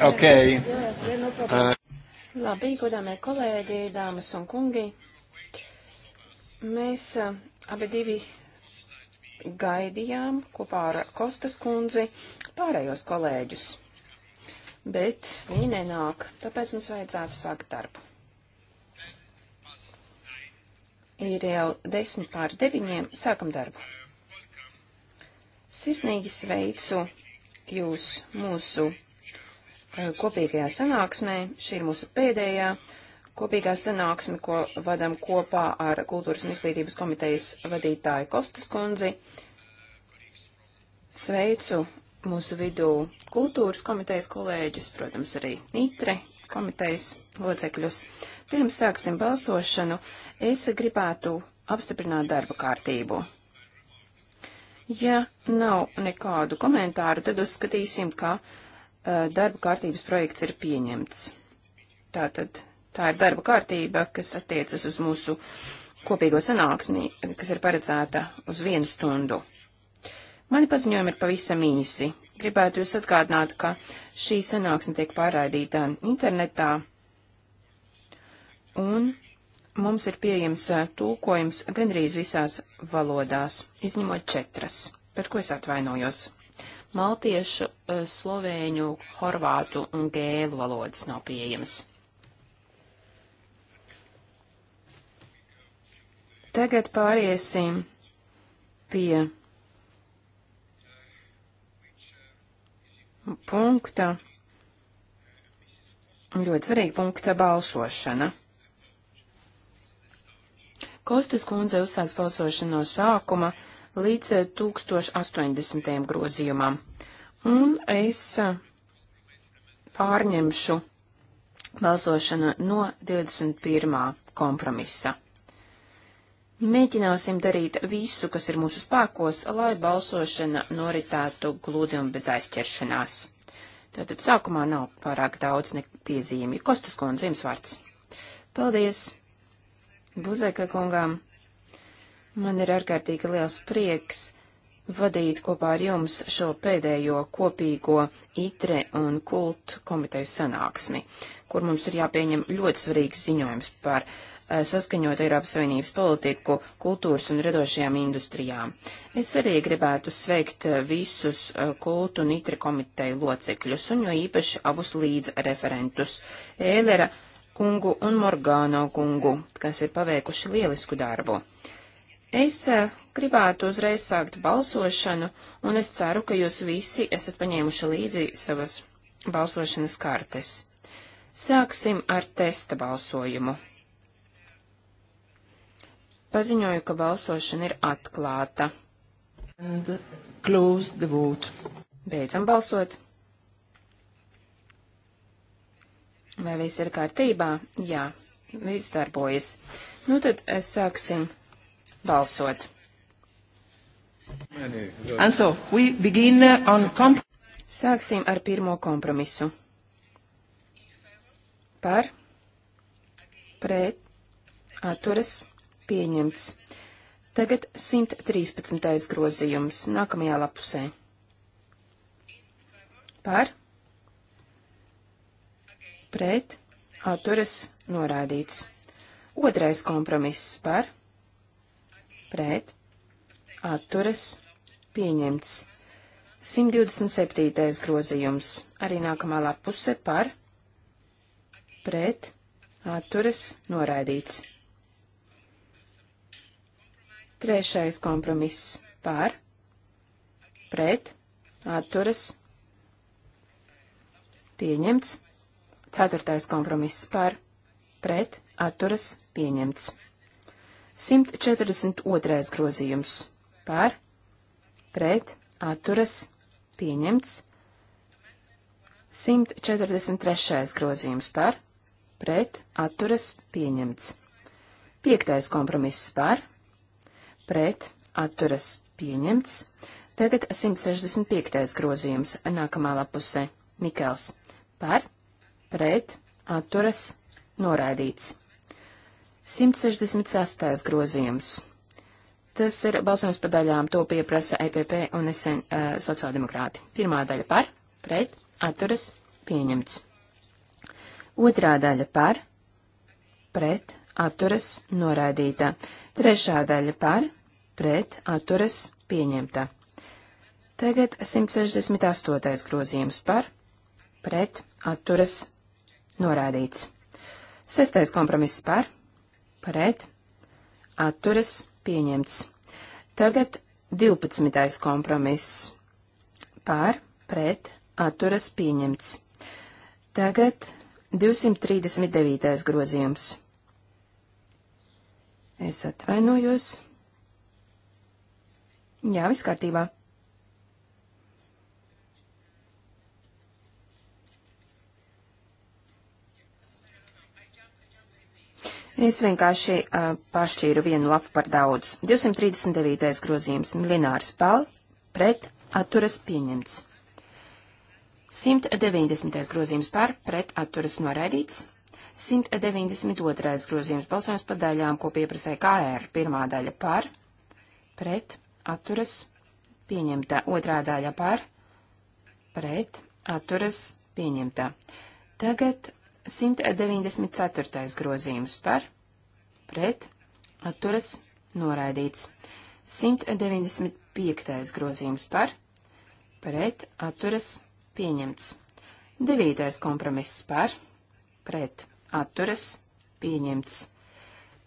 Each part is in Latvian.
Okay. Uh. Labi, godāmie kolēģi, dāmas un kungi. Mēs uh, abi divi gaidījām kopā ar Kostas kundzi pārējos kolēģus, bet viņi nenāk, tāpēc mums vajadzētu sākt darbu. Ir jau desmit pār deviņiem, sākam darbu. Sirsnīgi sveicu jūs mūsu Eh, kopīgajā sanāksmē. Šī ir mūsu pēdējā kopīgā sanāksme, ko vadam kopā ar Kultūras un izglītības komitejas vadītāju Kostas kundzi. Sveicu mūsu vidū kultūras komitejas kolēģus, protams, arī Nitre komitejas locekļus. Pirms sāksim balsošanu, es gribētu apstiprināt darba kārtību. Ja nav nekādu komentāru, tad uzskatīsim, ka uh, Uh, darba kārtības projekts ir pieņemts. Tātad tā ir darba kārtība, kas attiecas uz mūsu kopīgo sanāksmi, kas ir paredzēta uz vienu stundu. Mani paziņojumi ir pavisam īsi. Gribētu jūs atgādināt, ka šī sanāksme tiek pārraidīta internetā, un mums ir pieejams uh, tulkojums gandrīz visās valodās, izņemot četras, par ko es atvainojos maltiešu, eh, slovēņu, horvātu un gēlu valodas nav pieejamas. Tagad pāriesim pie punkta, ļoti svarīga punkta balsošana. Kostas kundze uzsāks balsošanu no sākuma, līdz 1080. Eh, grozījumam. Un es eh, pārņemšu balsošanu no 21. kompromisa. Mēģināsim darīt visu, kas ir mūsu spēkos, lai balsošana noritētu glūdi un bez aizķeršanās. Tātad sākumā nav pārāk daudz piezīmju. Kostas kundze, jums vārds. Paldies! Buzeka kungām! Man ir ārkārtīgi liels prieks vadīt kopā ar jums šo pēdējo kopīgo ITRE un KULT komiteju sanāksmi, kur mums ir jāpieņem ļoti svarīgs ziņojums par eh, saskaņot Eiropas Savienības politiku, kultūras un radošajām industrijām. Es arī gribētu sveikt eh, visus eh, kultu un ITRE komiteju locekļus, un jo īpaši abus līdz referentus - Ēlera kungu un Morgāno kungu, kas ir paveikuši lielisku darbu. Es eh, gribētu uzreiz sākt balsošanu, un es ceru, ka jūs visi esat paņēmuši līdzi savas balsošanas kartes. Sāksim ar testa balsojumu. Paziņoju, ka balsošana ir atklāta. Beidzam balsot. Vai viss ir kārtībā? Jā, viss darbojas. Nu tad eh, sāksim balsot. And so we begin uh, on Sāksim ar pirmo kompromisu. Par, pret, atturas, pieņemts. Tagad 113. grozījums nākamajā lapusē. Par, pret, atturas, norādīts. Otrais kompromiss par pret, atturas, pieņemts. 127. grozījums, arī nākamā lapuse par, pret, atturas, noraidīts. Trešais kompromiss par, pret, atturas, pieņemts. Ceturtais kompromiss par, pret, atturas, pieņemts. 142. grozījums par, pret, atturas, pieņemts. 143. grozījums par, pret, atturas, pieņemts. 5. kompromiss par, pret, atturas, pieņemts. Tagad 165. grozījums nākamā lapusē. Mikels par, pret, atturas, noraidīts. 166. grozījums. Tas ir balsojums par daļām, to pieprasa EPP un SN uh, sociāldemokrāti. Pirmā daļa par, pret, atturas, pieņemts. Otrā daļa par, pret, atturas, noraidīta. Trešā daļa par, pret, atturas, pieņemta. Tagad 168. grozījums par, pret, atturas, noraidīts. Sestais kompromiss par, pret, atturas, pieņemts. Tagad 12. kompromiss par, pret, atturas, pieņemts. Tagad 239. grozījums. Es atvainojos. Jā, viss kārtībā. Es vienkārši uh, pašķīru vienu lapu par daudz. 239. grozījums Linārs Pal pret atturas pieņemts. 190. grozījums par pret atturas noraidīts. 192. grozījums balsojums par daļām, ko pieprasēja KR. Pirmā daļa par pret atturas pieņemta. Otrā daļa par pret atturas pieņemta. Tagad 194. grozījums par pret, atturas, noraidīts. 195. grozījums par, pret, atturas, pieņemts. 9. kompromiss par, pret, atturas, pieņemts.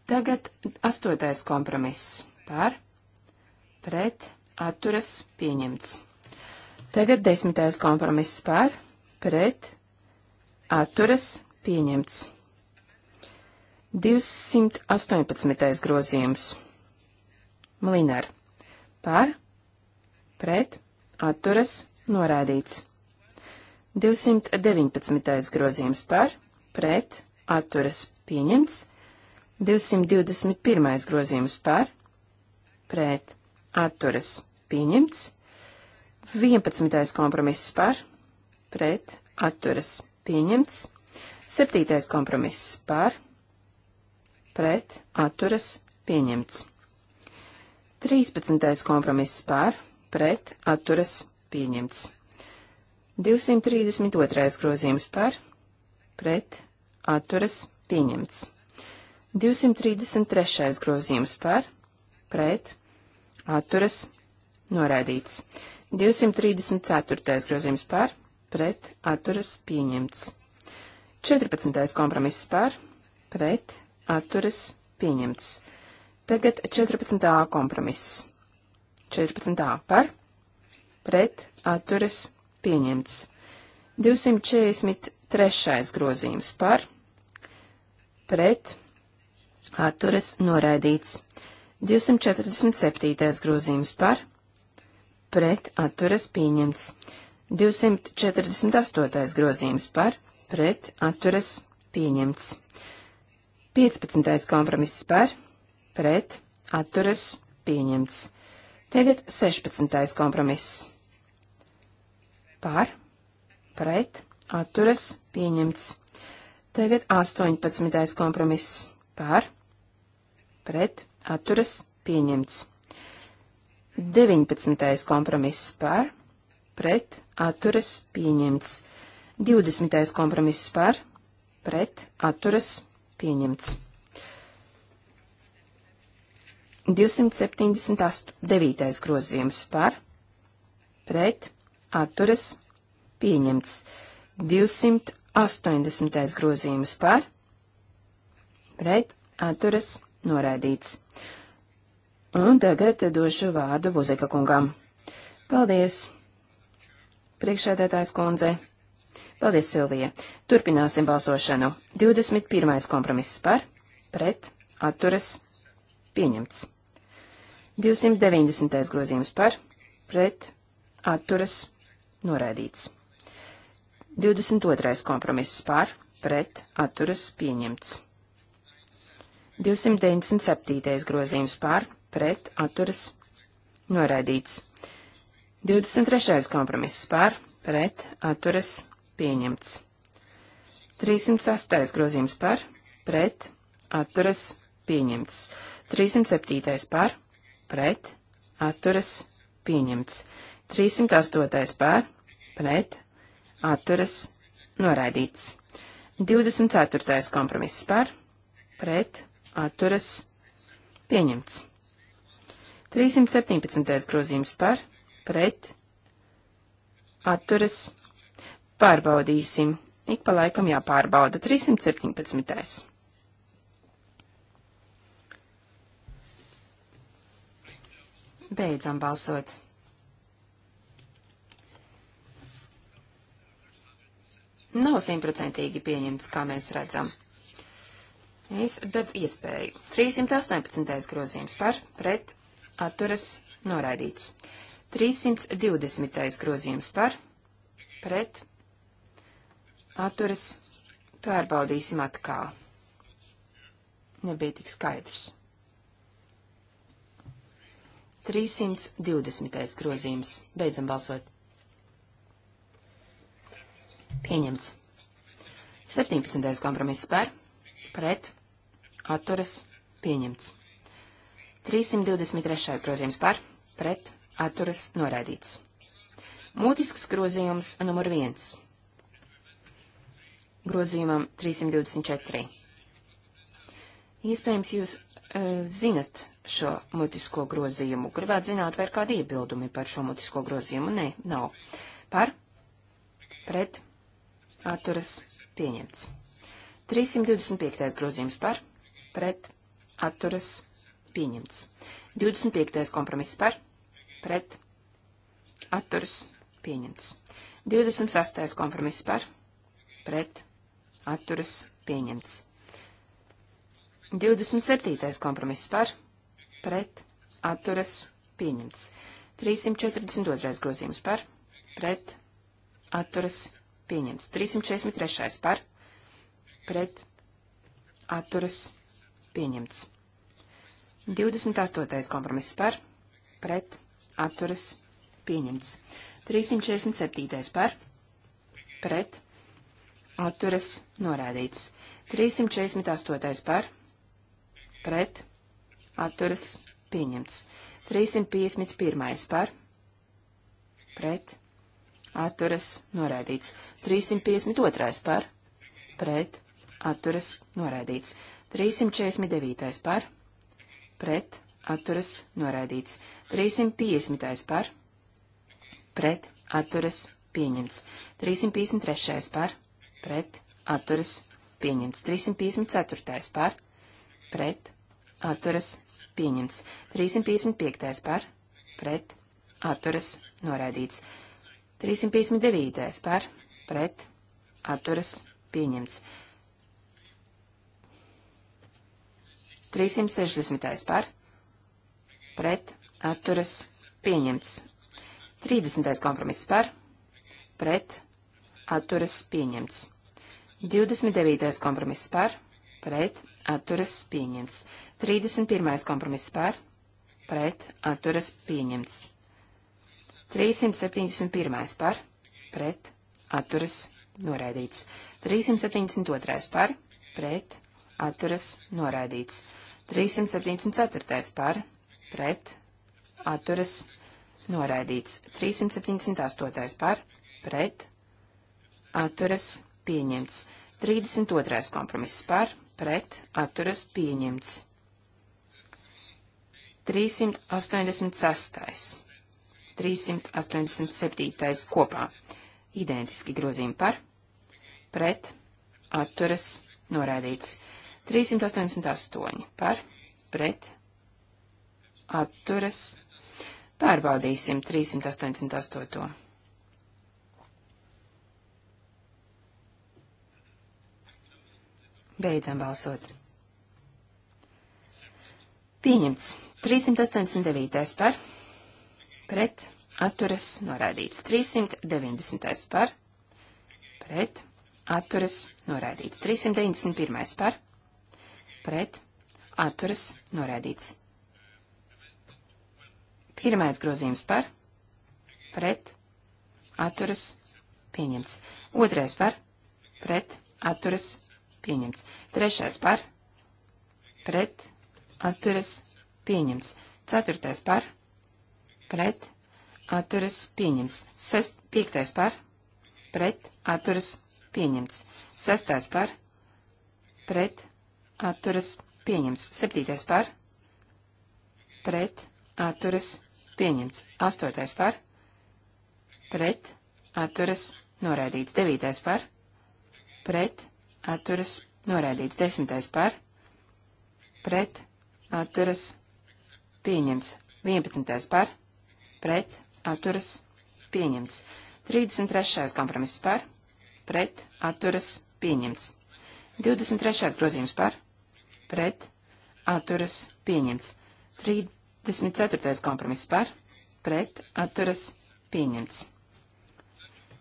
Tagad 8. kompromiss par, pret, atturas, pieņemts. Tagad 10. kompromiss par, pret, atturas, pieņemts. 218. grozījums. Mlinar. Par, pret, atturas, norādīts. 219. grozījums par, pret, atturas, pieņemts. 221. grozījums par, pret, atturas, pieņemts. 11. kompromiss par, pret, atturas, pieņemts. 7. kompromiss par, pret, atturas, pieņemts. 13. kompromiss par, pret, atturas, pieņemts. 232. grozījums par, pret, atturas, pieņemts. 233. grozījums par, pret, atturas, noraidīts. 234. grozījums par, pret, atturas, pieņemts. 14. kompromiss par, pret, atturas pieņemts. Tagad 14. kompromiss. 14. par, pret, atturas pieņemts. 243. grozījums par, pret, atturas noraidīts. 247. grozījums par, pret atturas pieņemts. 248. grozījums par, pret atturas pieņemts. 15. kompromiss par, pret, atturas, pieņemts. Tagad 16. kompromiss par, pret, atturas, pieņemts. Tagad 18. kompromiss par, pret, atturas, pieņemts. 19. kompromiss par, pret, atturas, pieņemts. 20. kompromiss par, pret, atturas, pieņemts. Pieņemts. 279. grozījums par, pret, atturas, pieņemts. 280. grozījums par, pret, atturas, noraidīts. Un tagad došu vārdu Buzeka kungam. Paldies! Priekšēdētājs kundze! Paldies, Silvija. Turpināsim balsošanu. 21. kompromiss par, pret, atturas, pieņemts. 290. grozījums par, pret, atturas, noraidīts. 22. kompromiss par, pret, atturas, pieņemts. 297. grozījums par, pret, atturas, noraidīts. 23. kompromiss par, pret, atturas, pieņemts. 308. grozījums par, pret, atturas, pieņemts. 307. par, pret, atturas, pieņemts. 308. par, pret, atturas, noraidīts. 24. kompromiss par, pret, atturas, pieņemts. 317. grozījums par, pret, atturas, pieņemts Pārbaudīsim. Ik pa laikam jāpārbauda 317. Beidzam balsot. Nav simtprocentīgi pieņemts, kā mēs redzam. Es devu iespēju. 318. grozījums par, pret, atturas, noraidīts. 320. grozījums par, pret, atturas atturas pārbaudīsim atkal. Nebija tik skaidrs. 320. grozījums. Beidzam balsot. Pieņemts. 17. kompromiss par, pret, atturas, pieņemts. 323. grozījums par, pret, atturas, noraidīts. Mūtisks grozījums numur 1 grozījumam 324. Iespējams, jūs e, zinat šo mutisko grozījumu. Gribētu zināt, vai ir kādi iebildumi par šo mutisko grozījumu? Nē, nav. Par? Pret? Atturas? Pieņemts. 325. grozījums par? Pret? Atturas? Pieņemts. 25. kompromiss par? Pret? Atturas? Pieņemts. 26. kompromiss par? Pret? atturas pieņemts. 27. kompromiss par, pret, atturas pieņemts. 342. grozījums par, pret, atturas pieņemts. 343. par, pret, atturas pieņemts. 28. kompromiss par, pret, atturas pieņemts. 347. par, pret, atturas norādīts. 348. par, pret, atturas pieņemts. 351. par, pret, atturas norādīts. 352. par, pret, atturas norādīts. 349. par, pret, atturas norādīts. 350. par, pret, atturas pieņemts. 353. par, pret, atturas, pieņemts. 354. par, pret, atturas, pieņemts. 355. par, pret, atturas, noraidīts. 359. par, pret, atturas, pieņemts. 360. par, pret, atturas, pieņemts. 30. kompromiss par, pret, atturas, pieņemts. 29. kompromiss par, pret, atturas pieņemts. 31. kompromiss par, pret, atturas pieņemts. 371. par, pret, atturas noraidīts. 372. par, pret, atturas noraidīts. 374. par, pret, atturas noraidīts. 378. par, pret, atturas noraidīts pieņemts. 32. kompromiss par, pret, atturas pieņemts. 386. 387. kopā. Identiski grozījumi par, pret, atturas, norādīts. 388 par, pret, atturas. Pārbaudīsim 388. Beidzam balsot. Pieņemts. 389. par. Pret. Atturas norādīts. 390. par. Pret. Atturas norādīts. 391. par. Pret. Atturas norādīts. Pirmais grozījums par. Pret. Atturas pieņemts. Otrais par. Pret. Atturas pieņemts. Trešais par, pret, atturas, pieņemts. Ceturtais par, pret, atturas, pieņemts. Sest, piektais par, pret, atturas, pieņemts. Sestais par, pret, atturas, pieņemts. Septītais par, pret, atturas, pieņemts. Astotais par, pret, atturas, noraidīts. Devītais par, pret, atturas noraidīts. Desmitais par, pret, atturas pieņemts. Vienpadsmitais par, pret, atturas pieņemts. 33. kompromiss par, pret, atturas pieņemts. 23. grozījums par, pret, atturas pieņemts. 34. kompromiss par, pret, atturas pieņemts.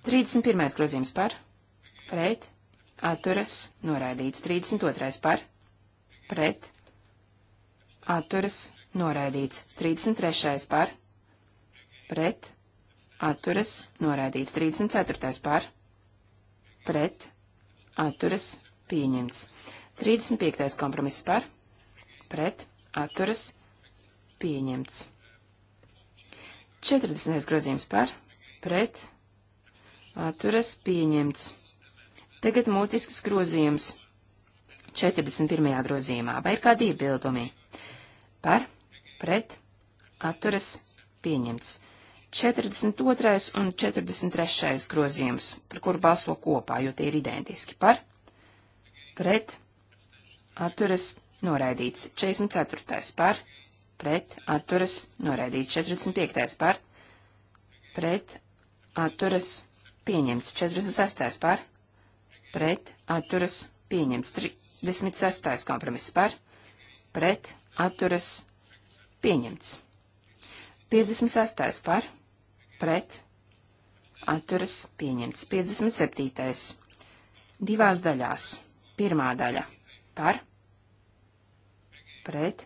31. grozījums par, pret, atturas, noraidīts. 32. par, pret, atturas, noraidīts. 33. par, pret, atturas, noraidīts. 34. par, pret, atturas, pieņemts. 35. kompromiss par, pret, atturas, pieņemts. 40. grozījums par, pret, atturas, pieņemts. Tagad mutisks grozījums 41. grozījumā. Vai ir kādi iebildumi? Par, pret, atturas, pieņemts. 42. un 43. grozījums, par kuru balso kopā, jo tie ir identiski. Par, pret, atturas, noraidīts. 44. par, pret, atturas, noraidīts. 45. par, pret, atturas, pieņemts. 46. par, pret, atturas, pieņems. 36. kompromiss par, pret, atturas, pieņemts. 56. par, pret, atturas, pieņemts. 57. divās daļās. Pirmā daļa par, pret,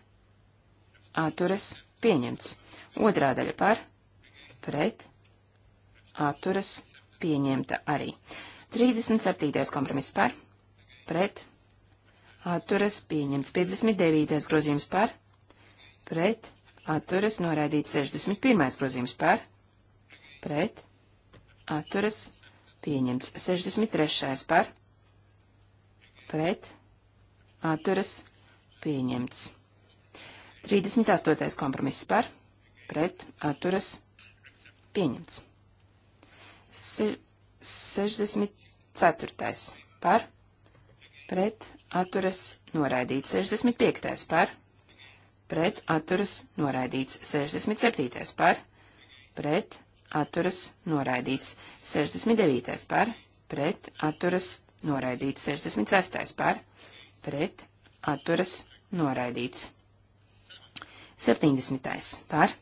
atturas, pieņemts. Otrā daļa par, pret, atturas, pieņemta arī. 37. kompromiss par, pret, atturas pieņemts. 59. grozījums par, pret, atturas noraidīts. 61. grozījums par, pret, atturas pieņemts. 63. par, pret, atturas pieņemts. 38. kompromiss par, pret, atturas pieņemts. Se 64. par, pret atturas noraidīts 65. par, pret atturas noraidīts 67. par, pret atturas noraidīts 69. par, pret atturas noraidīts 66. par, pret atturas noraidīts 70. par,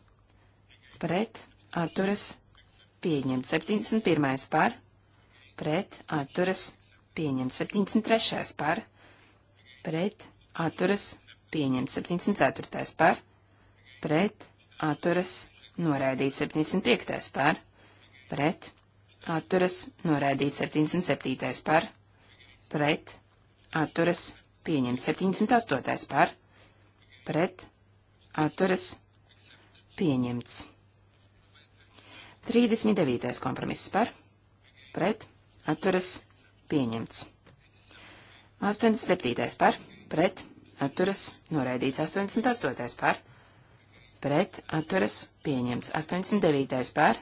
pret atturas pieņemts 71. par, pret atturas pieņemts. 73. par pret atturas pieņemts. 74. par pret atturas noraidīts. 75. par pret atturas noraidīts. 77. par pret atturas pieņemts. 78. par pret atturas pieņemts. 39. kompromiss par pret atturas pieņemts. 87. par pret atturas noraidīts. 88. par pret atturas pieņemts. 89. par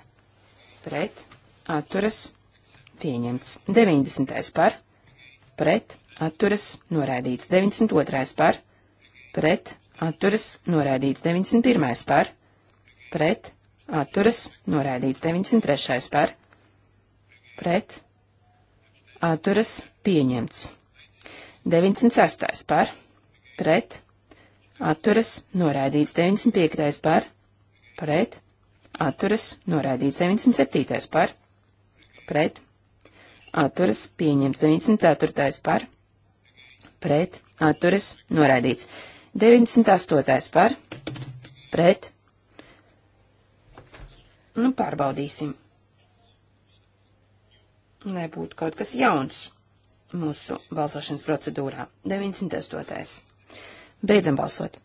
pret atturas pieņemts. 90. par pret atturas noraidīts. 92. par pret atturas noraidīts. 91. par pret atturas noraidīts. 93. par pret atturas pieņemts. 96. par, pret, atturas noraidīts. 95. par, pret, atturas noraidīts. 97. par, pret, atturas pieņemts. 94. par, pret, atturas noraidīts. 98. par, pret. Nu, pārbaudīsim nebūtu kaut kas jauns mūsu balsošanas procedūrā. 98. Beidzam balsot.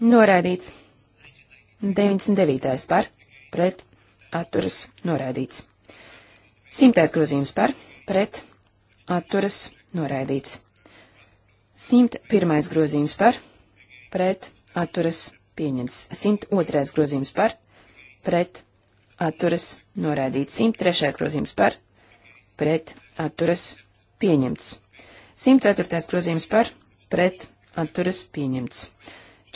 Noraidīts. 99. par, pret, atturas, noraidīts. 100. grozījums par, pret, atturas, noraidīts. 101. grozījums par, pret, atturas, pieņems. 102. grozījums par, pret, atturas noraidīts. 103. grozījums par pret atturas pieņemts. 104. grozījums par pret atturas pieņemts.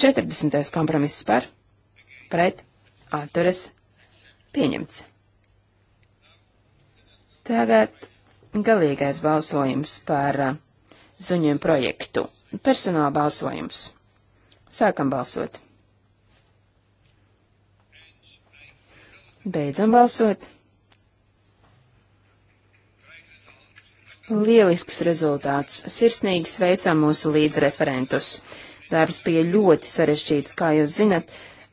40. kompromiss par pret atturas pieņemts. Tagad galīgais balsojums par uh, zuņiem projektu. Personāla balsojums. Sākam balsot. Beidzam balsot. Lielisks rezultāts. Sirsnīgi sveicam mūsu līdzreferentus. Darbs bija ļoti sarežģīts, kā jūs zinat.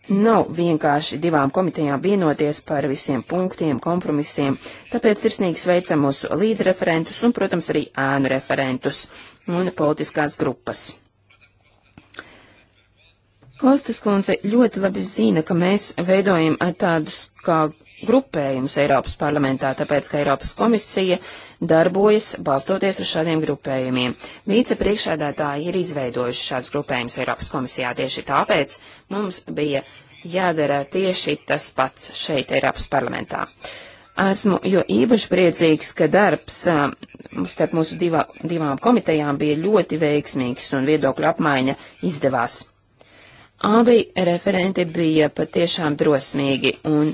Nav vienkārši divām komitejām vienoties par visiem punktiem, kompromisiem, tāpēc sirsnīgi sveicam mūsu līdzreferentus un, protams, arī ēnu referentus un politiskās grupas. Kostas kundze ļoti labi zina, ka mēs veidojam eh, tādus kā grupējumus Eiropas parlamentā, tāpēc, ka Eiropas komisija darbojas balstoties uz šādiem grupējumiem. Vicepriekšādātāji ir izveidojuši šādus grupējumus Eiropas komisijā tieši tāpēc mums bija jādara tieši tas pats šeit Eiropas parlamentā. Esmu jo īpaši priecīgs, ka darbs eh, starp mūsu divā, divām komitejām bija ļoti veiksmīgs un viedokļu apmaiņa izdevās. Abi referenti bija patiešām drosmīgi, un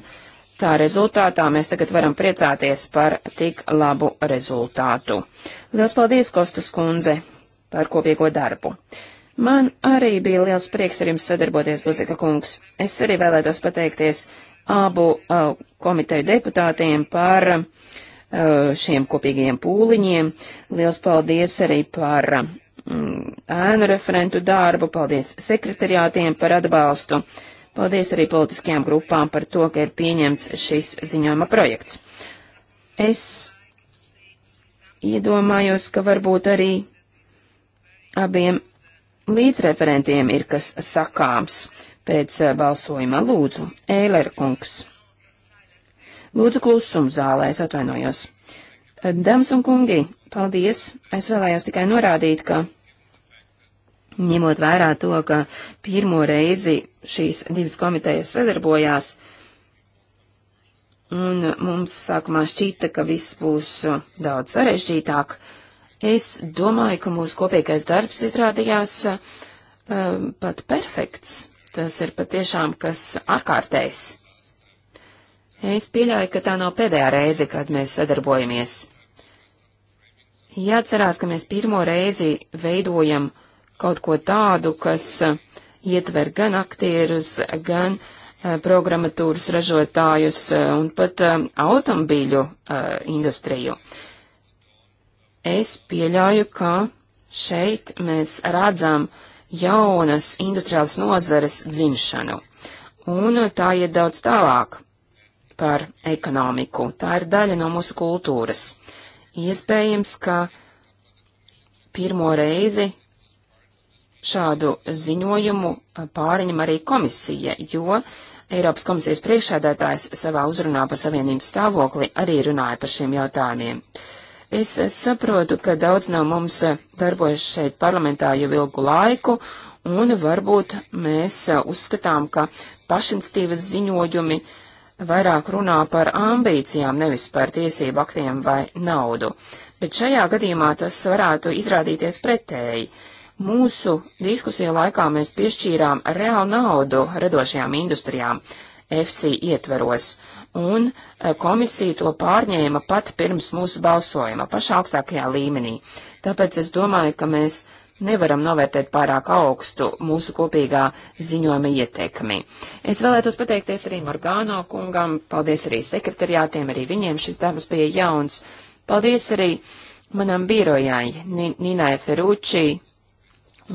tā rezultātā mēs tagad varam priecāties par tik labu rezultātu. Liels paldies, Kostas kundze, par kopīgo darbu. Man arī bija liels prieks ar jums sadarboties, Buzika kungs. Es arī vēlētos pateikties abu uh, komiteju deputātiem par uh, šiem kopīgajiem pūliņiem. Liels paldies arī par uh, Mm, ēnu referentu darbu, paldies sekretariātiem par atbalstu, paldies arī politiskajām grupām par to, ka ir pieņemts šis ziņojuma projekts. Es iedomājos, ka varbūt arī abiem līdzreferentiem ir kas sakāms pēc eh, balsojuma. Lūdzu, Eiler kungs. Lūdzu, klusumu zālē, es atvainojos. Dāmas un kungi, Paldies! Es vēlējos tikai norādīt, ka ņemot vērā to, ka pirmo reizi šīs divas komitejas sadarbojās, un mums sākumā šķita, ka viss būs daudz sarežģītāk, es domāju, ka mūsu kopīgais darbs izrādījās uh, pat perfekts. Tas ir patiešām kas ārkārtējs. Es pieļauju, ka tā nav pēdējā reize, kad mēs sadarbojamies. Jāatcerās, ka mēs pirmo reizi veidojam kaut ko tādu, kas eh, ietver gan aktierus, gan uh, programmatūras ražotājus uh, un pat uh, automobīļu industriju. Es pieļauju, ka šeit mēs redzam jaunas industriālas nozares dzimšanu, un tā iet daudz tālāk par ekonomiku. Tā ir daļa no mūsu kultūras. Uh, Iespējams, ka pirmo reizi šādu ziņojumu pāriņem arī komisija, jo Eiropas komisijas priekšsēdētājs savā uzrunā par savienības stāvokli arī runāja par šiem jautājumiem. Es saprotu, ka daudz no mums darbojas šeit parlamentā jau ilgu laiku, un varbūt mēs uzskatām, ka pašinstīvas ziņojumi uh, vairāk runā par ambīcijām, nevis par tiesību aktiem vai naudu. Bet šajā gadījumā tas varētu izrādīties pretēji. Mūsu diskusiju laikā mēs piešķīrām reālu naudu radošajām industrijām FC ietveros, un e, komisija to pārņēma pat pirms mūsu balsojuma pašā augstākajā līmenī. Tāpēc es domāju, ka mēs nevaram novērtēt pārāk augstu mūsu kopīgā ziņojuma ietekmi. Es vēlētos pateikties arī Morgāno kungam, paldies arī sekretariātiem, arī viņiem šis darbs bija jauns. Paldies arī manam birojai, Ninai Feruči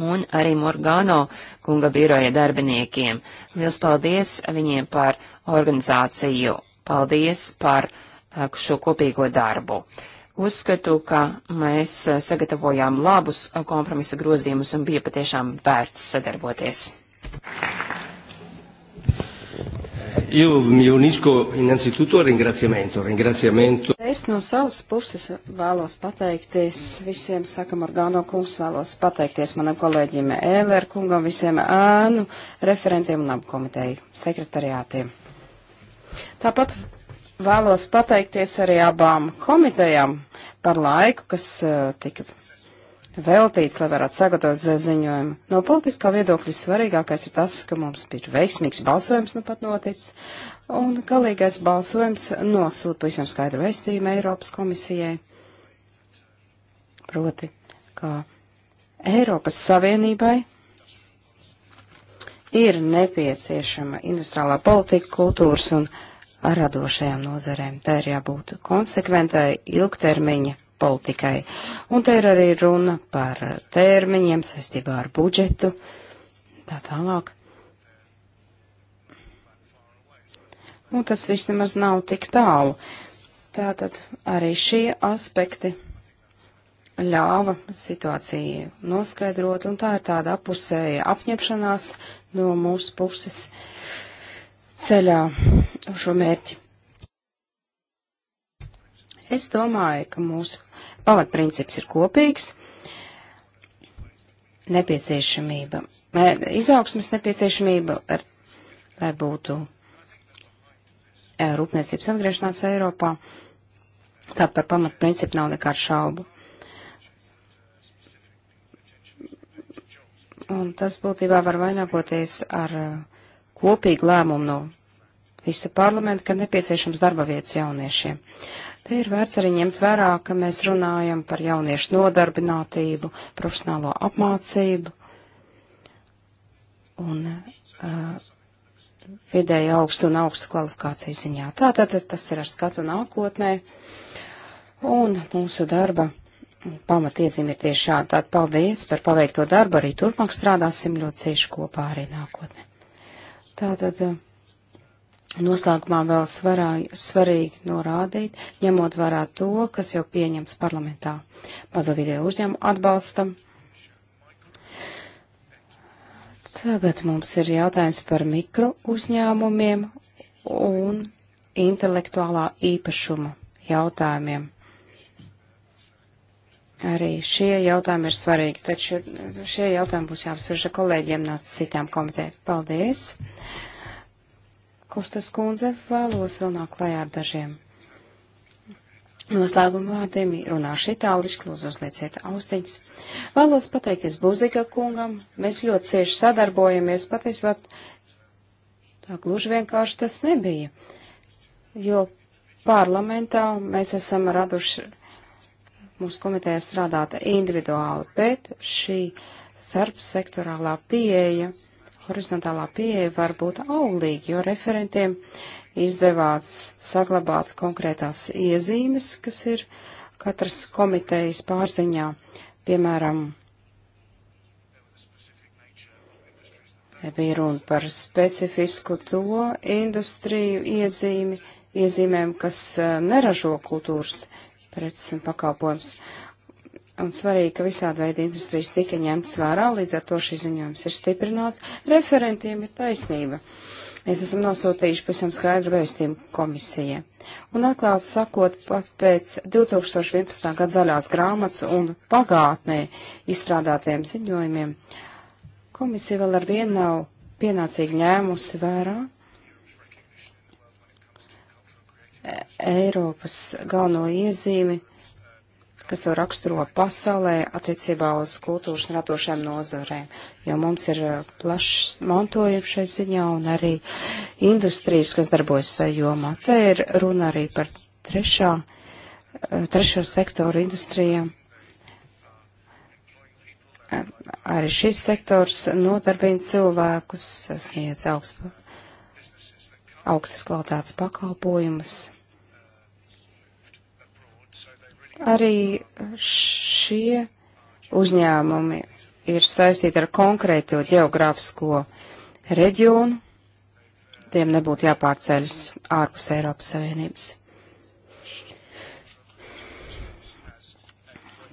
un arī Morgāno kunga biroja darbiniekiem. Liels paldies viņiem par organizāciju. Paldies par eh, šo kopīgo darbu. Uzskatu, ka mēs eh, sagatavojām labus eh, kompromisa grozījumus un bija patiešām vērts sadarboties. Io mi unisco innanzitutto al ringraziamento. ringraziamento. Es no savas puses vēlos pateikties visiem, saka Morgano kungs, vēlos pateikties manam kolēģim Ēler kungam, visiem ēnu referentiem un apkomiteju sekretariātiem. Tāpat Vēlos pateikties arī abām komitejām par laiku, kas uh, tika veltīts, lai varētu sagatavot ziņojumu. No politiskā viedokļa svarīgākais ir tas, ka mums ir veiksmīgs balsojums nu pat noticis, un galīgais balsojums nosūta pavisam skaidru vēstījumu Eiropas komisijai. Proti, ka Eiropas Savienībai ir nepieciešama industriālā politika, kultūras un radošajām nozarēm. Tā ir jābūt konsekventai, ilgtermiņa politikai. Un te ir arī runa par termiņiem saistībā ar budžetu, tā tālāk. Un tas viss nemaz nav tik tālu. Tātad arī šie aspekti ļāva situāciju noskaidrot, un tā ir tāda apusēja apņemšanās no mūsu puses ceļā šo mērķi. Es domāju, ka mūsu pamatprincips ir kopīgs nepieciešamība, e, izaugsmas nepieciešamība, ar, lai būtu e, rūpniecības atgriešanās Eiropā. Tātad par pamatprincipu nav nekādu šaubu. Un tas būtībā var vainagoties ar e, kopīgu lēmumu no visa parlamenta, ka nepieciešams darba vietas jauniešiem. Te ir vērts arī ņemt vērā, ka mēs runājam par jauniešu nodarbinātību, profesionālo apmācību un uh, vidēji augstu un augstu kvalifikāciju ziņā. Tātad tas ir ar skatu nākotnē un mūsu darba pamatiezīme ir tieši šāda. Tātad paldies par paveikto darbu, arī turpmāk strādāsim ļoti cieši kopā arī nākotnē. Tātad. Uh, Noslēgumā vēl svarā, svarīgi norādīt, ņemot vērā to, kas jau pieņemts parlamentā. Mazo video uzņēmu atbalstam. Tagad mums ir jautājums par mikro uzņēmumiem un intelektuālā īpašuma jautājumiem. Arī šie jautājumi ir svarīgi, taču šie jautājumi būs jāapsver ar kolēģiem no citām komitē. Paldies! Kostas kundze, vēlos vēl nāk klajā ar dažiem. Noslēguma vārdiem runāšu itāliski, lūdzu uzlieciet austiņas. Vēlos pateikties Buziga kungam, mēs ļoti cieši sadarbojamies, patiesībā tā gluži vienkārši tas nebija, jo parlamentā mēs esam raduši mūsu komitējā strādāt individuāli, bet šī starpsektorālā pieeja horizontālā pieeja var būt auglīga, jo referentiem izdevās saglabāt konkrētās iezīmes, kas ir katras komitejas pārziņā, piemēram, bija runa par specifisku to industriju iezīmi, iezīmēm, kas eh, neražo kultūras preces un pakalpojums un svarīgi, ka visādi veidi industrijas tika ņemtas vērā, līdz ar to šis ziņojums ir stiprināts. Referentiem ir taisnība. Mēs esam nosūtījuši pavisam skaidru vēstījumu komisijai. Un atklāt sakot, pēc 2011. gada zaļās grāmatas un pagātnē izstrādātiem ziņojumiem, komisija vēl ar vienu nav pienācīgi ņēmusi vērā e, Eiropas galveno iezīmi kas to raksturo pasaulē attiecībā uz kultūras un radošām nozarēm, jo mums ir uh, plašs mantojums šeit ziņā un arī industrijas, kas darbojas jomā. Te ir runa arī par trešā, uh, trešo sektoru industrijām uh, arī šis sektors nodarbina cilvēkus, sniedz augsts, augstas kvalitātes pakalpojumus. Arī šie uzņēmumi ir saistīti ar konkrēto geogrāfisko reģionu. Tiem nebūtu jāpārceļas ārpus Eiropas Savienības.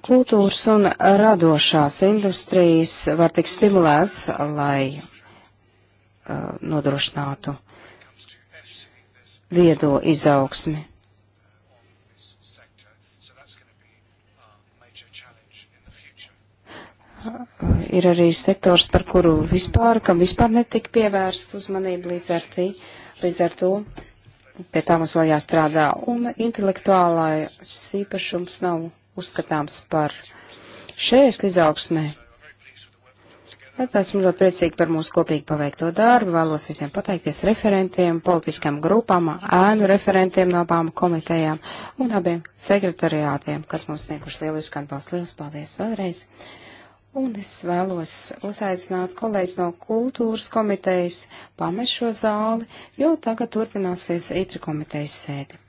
Kultūras un radošās industrijas var tik stimulēts, lai uh, nodrošinātu viedo izaugsmi. ir arī sektors, par kuru vispār, kam vispār netika pievērst uzmanību līdz ar, tī, līdz ar to. Pie tā mums vēl jāstrādā. Un intelektuālais īpašums nav uzskatāms par šķērsli izaugsmē. Esmu ļoti priecīgi par mūsu kopīgi paveikto darbu, vēlos visiem pateikties referentiem, politiskām grupām, ēnu referentiem no abām komitejām un abiem sekretariātiem, kas mums snieguši lielisku atbalstu. Lielas paldies vēlreiz! Un es vēlos uzaicināt kolēģis no kultūras komitejas pamest šo zāli, jo tagad turpināsies itri komitejas sēdi.